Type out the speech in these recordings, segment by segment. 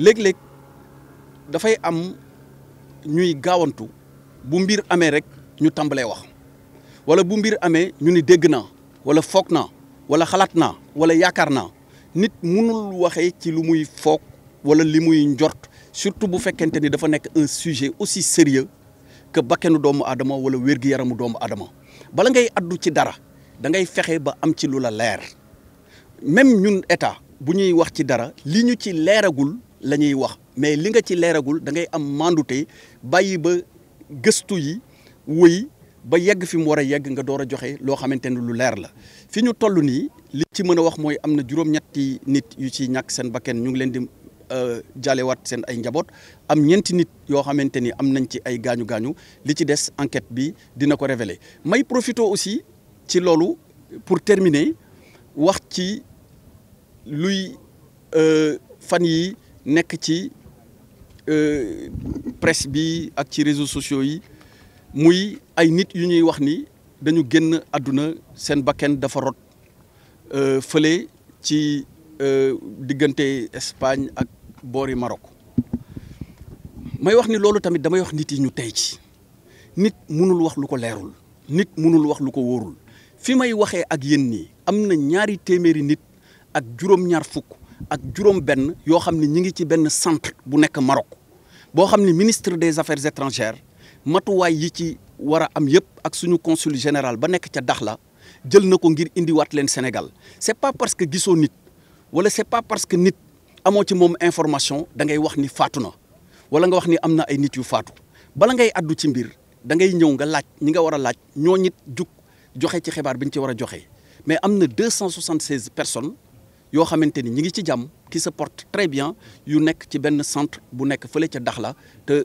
léeg-léeg dafay am ñuy gaawantu bu mbir amee rek ñu tàmbalee wax wala bu mbir amee ñu ni dégg naa wala foog naa wala xalaat naa wala yaakaar naa nit mënul waxee ci lu muy foog wala li muy njort surtout bu fekkente ni dafa nekk un sujet aussi sérieux que bakkenu doomu aadama wala wér yaramu doomu aadama bala ngay addu ci dara da ngay fexe ba am ci lu la leer même ñun état bu ñuy wax ci dara li ñu ci leeragul la wax mais li nga ci léragul da ngay am mandute bayyi ba gëstu yi wëy ba yegg fi mu wara yegg nga doora joxe loo lu leer la fi ñu li ci mëna wax moy amna juroom ñetti nit yu ci ñak seen bakken ñu ngi leen di euh, wat seen ay njabot am ñent nit yo am nañ ci ay gañu gañu li ci dess enquête bi dina ko révéler may profito aussi ci lolu pour terminer wax ci luy euh, fan yi nekk ci euh, presse bi ak ci réseau sociaux yi muy ay nit yu ñuy wax ni dañu génn àdduna seen bakken dafa rot euh, fële ci euh, diggante Espagne ak boori Maroc may wax ni loolu tamit damay wax nit yi ñu tey ci nit mënul wax lu ko leerul nit mënul wax lu ko wóorul fi may waxee ak yéen nii am na ñaari téeméeri nit ak juróom-ñaar fukk ak juróom-benn yoo xam ne ñi ngi ci benn centre bu nekk Maroc boo xam ne ministre des affaires étrangères matuwaay yi ci war a am yëpp ak suñu consul général ba nekk ca Dakhla jël na ko ngir indiwaat leen Sénégal c'est pas parce que gisoo nit wala c'est pas parce que nit amoo ci moom information da ngay wax ni faatu na wala nga wax ni am na ay nit yu faatu bala ngay addu ci mbir da ngay ñëw nga laaj ñi nga war a laaj ñoo nit jug joxe ci xibaar bi ñu ci war a joxe mais am na deux cent soixante-seize personnes yo xamanteni ñi ngi qui se porte très bien yu nekk ci ben centre bu nekk que ci Dakhla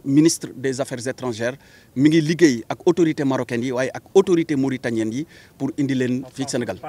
ministre des affaires étrangères mi ngi liggéey ak autorité marocaine yi waye ak autorité mauritanienne yi pour indi len Sénégal